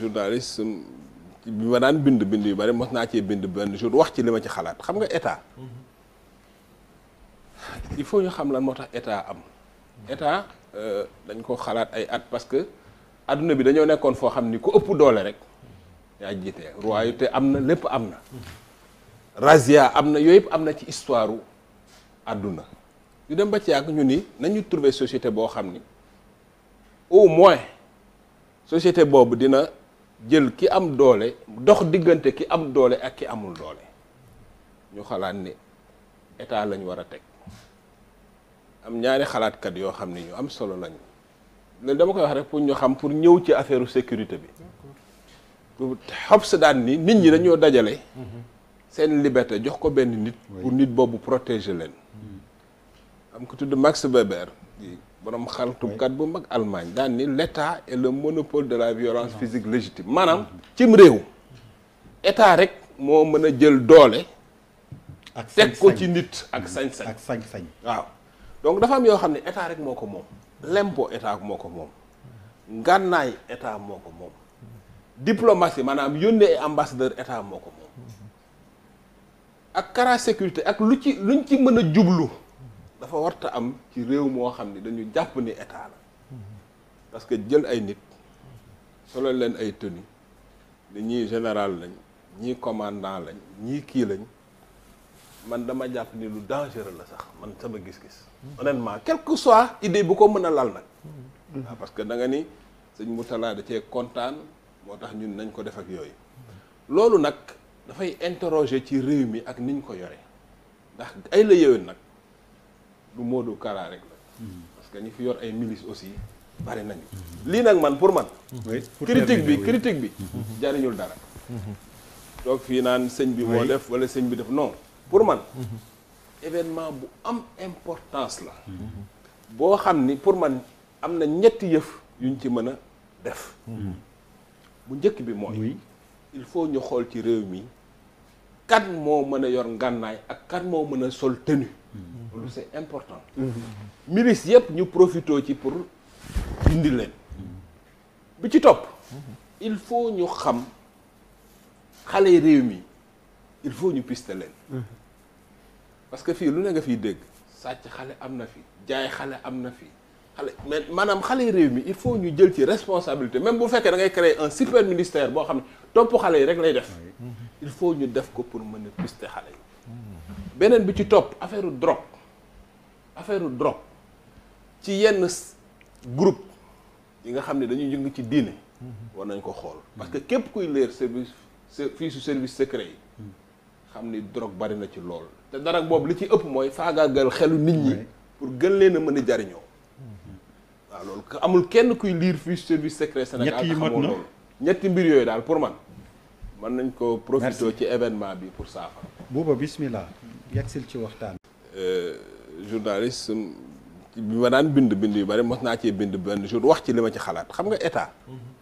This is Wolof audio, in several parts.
journaliste bi ma daan bind bind yu bari mos naa cee bind benn jour wax ci li ma ci xalaat xam nga état mm-hmm. il faut ñu xam lan moo tax état am état euh, dañ ko xalaat ay at parce que adduna bi dañoo nekkoon foo xam ni ku ëpp doole rek yaa jiite te am na lépp am na razia am na yooyu yëpp am na ci histoire adduna ñu dem ba ci yàgg ñu ni nañu trouver société boo xam ni au moins société boobu dina jël ki am doole dox diggante ki am doole ak ki amul doole ñu xalaat ni état lañu war a teg am ñaari xalaatkat yoo xam ne ñu am solo lañu loolu dama koy wax rek pour ñu xam pour ñëw ci affaire sécurité bi Hobbes daan ni nit ñi dañoo dajale seen liberté jox ko benn nit pour nit boobu protégé leen am ko tudd Max Weber borom xaltukat bu mag Allemagne daan ni l'état est le monopole de la violence physique légitime maanaam cim réew état rek moo mën a jël doole ak teg ci nit ak sañ-sañ ak sañ-sañ waaw donc dafa am yoo xam ne état rek moo ko moom lempo état moo ko moom ngànnaay état moo ko moom diplomatie maanaam yónnee ambassadeur état moo ko moom ak kara sécurité ak lu ci luñ ci mën a jublu dafa warta am ci réew moo xam ni dañu jàpp ni état la parce que jël ay nit solo leen ay tenue ni ñii général lañ ñii commandant lañ ñii kii lañ man dama jàpp ni lu dangereux la sax man sama gis-gis honnêtement quel que soit idée bu ko mën a lal nag waaw ah, parce que da ni sëñ Mourtala da cee kontaan moo tax ñun nañ ko def ak yooyu loolu nag dafay interroger ci réew mi ak niñ ko yore ndax ay la yéwén nag du Modou Kara rek la mhm. parce ñi fi yor ay milices aussi bari nañu lii nag man pour man mhm. critique bi critique mhm. bi jariñul dara donc fii naan sëñ bi moo def wala sëñ bi def non pour man événement bu am importance la boo xam ni pour man am na ñetti yëf yu yuñ ci mën a def bu njëkk bi mooy il faut ñu xool ci réew mi kan moo mën a yor ngànnaay ak kan moo mën a sol tenue loolu c'est important milice yëpp ñu profitoo ci pour dindi leen bi ci topp il faut ñu xam xale yi réew mi il faut ñu piste leen parce que fii lu ne nga fiy dégg sàcc xale am na fi jaay xale am na fi xale mais maanaam xale yi réew mi il faut ñu jël ci responsabilité même bu fekkee da ngay créer un super ministère boo xam ne topp xale yi rek lay def il faut ñu def ko pour mën a pister xale yi beneen bi ci topp affaire drop affaire drop ci yenn groupe yi nga xam ne dañuy yëngu ci diine war nañ ko xool parce que képp kuy leer service fii su service secret yi xam ni drogue bari na ci lool te dara boobu li ci ëpp mooy faagaagal xelu nit ñi pour gën leen a mën a jariñoo waaw loolu amul kenn kuy liir fii service secret Sénégal ñett yi mat na loolu ñetti mbir yooyu daal pour man mën nañ ko profité ci événement bi pour saafara buuba bismillah yegsil ci waxtaan euh, journaliste bi ma daan bind bind yu bari mos naa cee bind benn jour wax ci li ma ci xalaat xam nga état mm-hmm.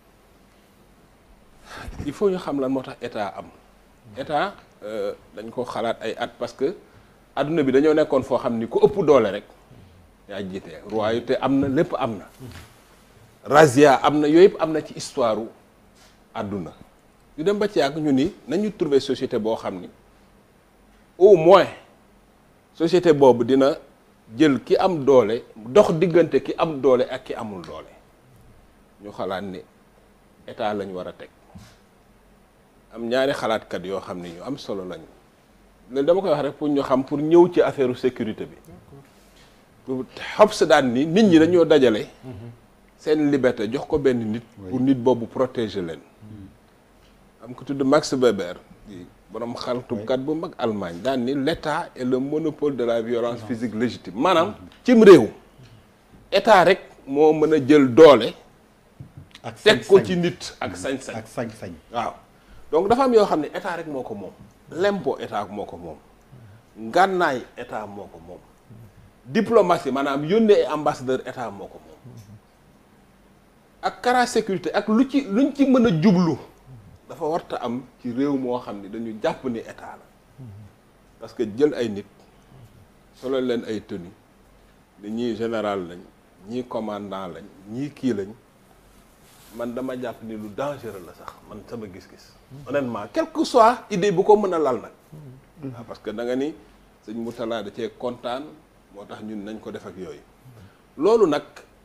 il faut ñu xam lan moo tax état am état euh, dañ ko xalaat ay at parce que àdduna bi dañoo nekkoon foo xam ni ku ëpp doole rek yaa jiite te am na lépp am na mm-hmm. razzia am na yooyu yëpp am na ci histoire u adduna lu dem ba ci yàgg ñu ni nañu trouver société boo xam ni au moins société boobu dina jël ki am doole dox diggante ki am doole ak ki amul doole ñu xalaat ni état lañ war a teg am ñaari xalaatkat yoo xam ni ñu am solo lañu loolu dama koy wax rek pour ñu xam pour ñëw ci affaire sécurité bi Hobbes daan ni nit ñi dañoo dajale mhm. seen liberté jox ko benn nit pour nit boobu protéger leen mhm. am ko tudd Max Weber borom xartukat bu mag Allemagne daan ni l'état est le monopole de la violence physique légitime maanaam cim réew état rek moo mën a jël doole ak teg ko ci nit ak sañ-sañ sañ-sañ waaw donc dafa am yoo xam ne état rek moo ko moom lempo état moo ko moom ngànnaay état moo ko moom diplomatie maanaam yónnee ambassadeur état moo ko moom ak kara sécurité ak lu ci luñ ci mën a jublu dafa warta am ci réew moo xam ni dañu jàpp ni état la parce que jël ay nit solo leen ay tenue ni ñii général lañ ñii commandant lañ ñii kii lañ man dama jàpp ni lu dangereux la sax man sama gis-gis honnêtement quel que soit idée bu ko mën a lal nag waaw ah, parce que da nga ni sëñ Moutala da cee kontaan moo tax ñun nañ ko def ak yooyu loolu nag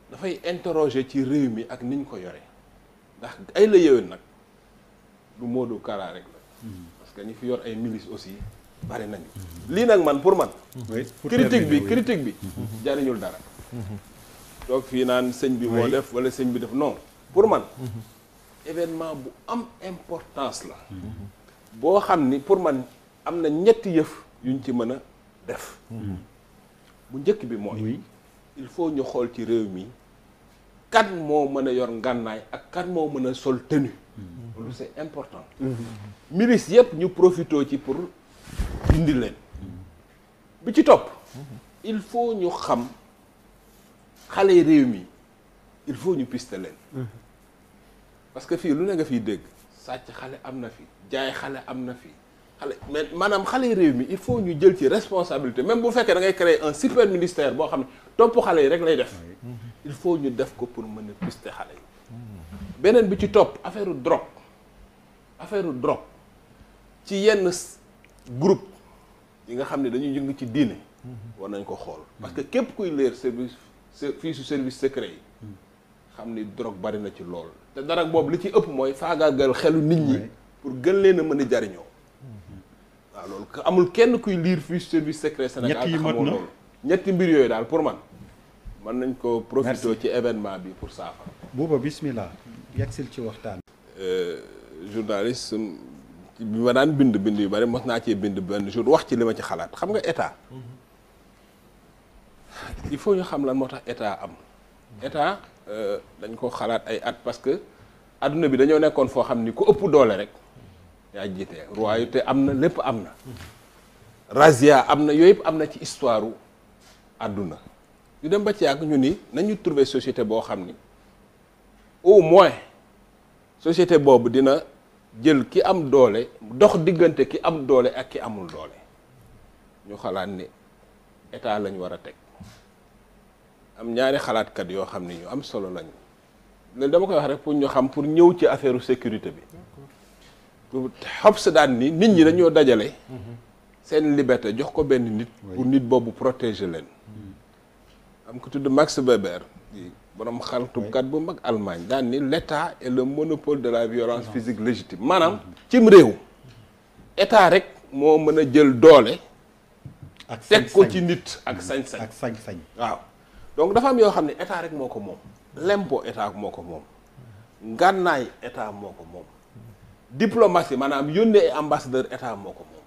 dafay interroger ci réew mi ak niñ ko yore ndax ay la yéwén nag du Modou Kara rek la mhm. parce que ñi fi yor ay milices aussi bari nañ lii nag man pour man mhm. critique bi critique mhm. bi jariñul dara donc fii naan sëñ bi moo def wala sëñ bi def non pour man événement bu am importance la boo xam ni pour man am na ñetti yëf yuñ ci mën a def bu njëkk bi mooy il faut ñu xool ci réew mi kan moo mën a yor ngànnaay ak kan moo mën a sol tenu loolu c'est important mm-hmm. Mm-hmm. milice yëpp ñu profitoo ci pour dindi leen mm-hmm. bi ci topp il faut ñu xam xale yi réew mi il faut ñu piste leen parce que fii lu ne nga fi dégg sàcc xale am na fi jaay xale am na fi xale mais maanaam xale yi réew mi il faut ñu jël ci responsabilité même bu fekkee da ngay créer un super ministère boo xam ne topp xale yi rek lay def il faut ñu def ko pour mën a piste xale yi beneen bi ci topp affaire drogue affaire drogue ci yenn groupe yi nga xam ne dañuy yëngu ci diine mhm. war nañ ko xool mhm. parce que képp kuy leer service fii su service secret yi mhm. xam ni drogue bari na ci lool te dara boobu li ci ëpp mooy faagaagal xelu nit ñi pour gën leen a mën a jariñoo waaw loolu amul kenn kuy liir fii service secret Sénégal xamoo loolu ñetti mbir yooyu daal pour man mën nañ ko profité ci événement bi pour saafara buuba bismillah yegsil ci waxtaan. Euh, journaliste bi ma daan bind bind yu bari mos naa cee bind benn jour wax ci li ma ci xalaat xam nga état. Mhm. il faut ñu xam lan moo tax état am. état euh, dañ ko xalaat ay at parce que adduna bi dañoo nekkoon foo xam ni ku ëpp doole rek yaa jiite te am na lépp am na. razia am na yooyu yëpp am na ci histoire adduna. ñu dem ba ci yàgg ñu ni nañu trouver société boo xam ni. au moins société boobu dina jël ki am doole dox diggante ki am doole ak ki amul doole ñu xalaat ni état lañu war a teg am ñaari xalaatkat yoo xam ne ñu am solo lañ loolu dama koy wax rek pour ñu xam pour ñëw ci affaire sécurité bi pour Hobbes ni nit ñi dañoo dajale seen liberté jox ko benn nit pour nit boobu protéger leen mm. am ko tudd Max Weber borom xartubkat bu mag Allemagne daan ni l'état est le monopole de la violence physique légitime maanaam cim réew état rek moo mën a jël doole ak teg ko ci nit ak sañ-sañ ak sañ-sañ waaw donc dafa am yoo xam ne état rek moo ko moom lempo état moo ko moom ngànnaay état moo ko moom diplomatie maanaam yónnee ambassadeur état moo ko moom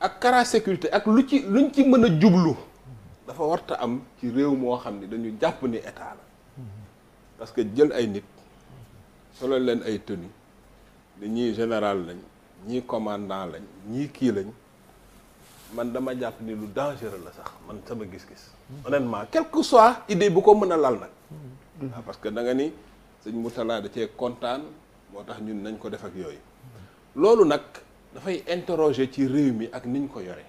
ak kara sécurité ak lu ci luñ ci mën a jublu dafa warta am ci réew moo xam ni dañu jàpp ni état la parce que jël ay nit solo leen ay tenue ni ñii général lañ ñii commandant lañ ñii kii lañ man dama jàpp ni lu dangereux la sax man sama gis-gis honnêtement quel que idée bu ko mën a lal nag ah, parce que da nga ni sëñ Mourtala da cee kontaan moo tax ñun nañ ko def ak yooyu loolu nag dafay interroger ci réew mi ak niñ ko yore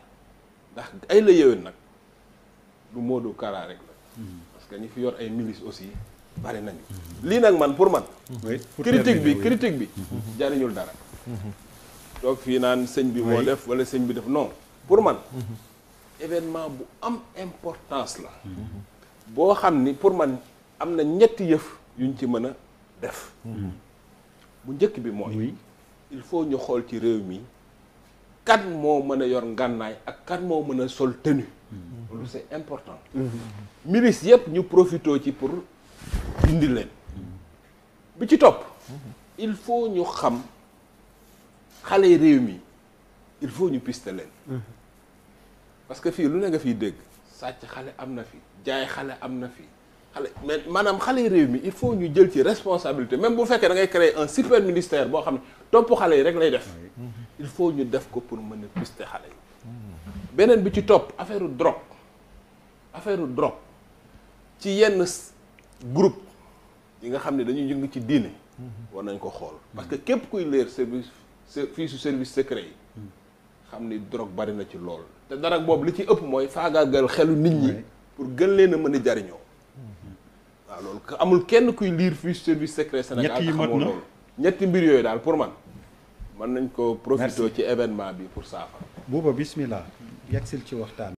ndax ay la yéwén nag du Modou Kara rek la mhm. parce que ñi fi yor ay milices aussi bari nañu lii nag man pour man mhm. critique bi critique bi mhm. jariñul dara toog fii naan sëñ bi moo def wala sëñ bi def non pour man événement bu am importance la boo xam ni pour man am na ñetti yëf yu yuñ ci mën a def bu njëkk bi mooy il faut ñu xool ci réew mi kan moo mën a yor ngànnaay ak kan moo mën a sol tenue loolu c'est important milice yëpp ñu profitoo ci pour dindi leen bi ci topp il faut ñu xam xale yi réew mi il faut ñu piste leen parce que fii lu ne nga fiy dégg sàcc xale am na fi jaay xale am na fi xale mais maanaam xale yi réew mi il faut ñu jël ci responsabilité même bu fekkee da ngay créer un super ministère boo xam ne topp xale yi rek lay def il faut ñu def ko pour mën a pister xale yi. beneen bi ci topp affaire drogue affaire drogue ci yenn groupe yi nga xam ne dañuy yëngu ci diine. war nañ ko xool parce que képp kuy leer service fii su service secret yi. xam ni drogue bari na ci lool. te dara boobu li ci ëpp mooy faagaagal xelu nit ñi. pour gën leen mën a jariñoo. waaw loolu amul kenn kuy liir fii service secret Sénégal. ñett yi mat na loolu ñetti mbir yooyu daal pour man. mën nañ ko profité ci événement bi pour saafara. buuba bismillah yegsil ci waxtaan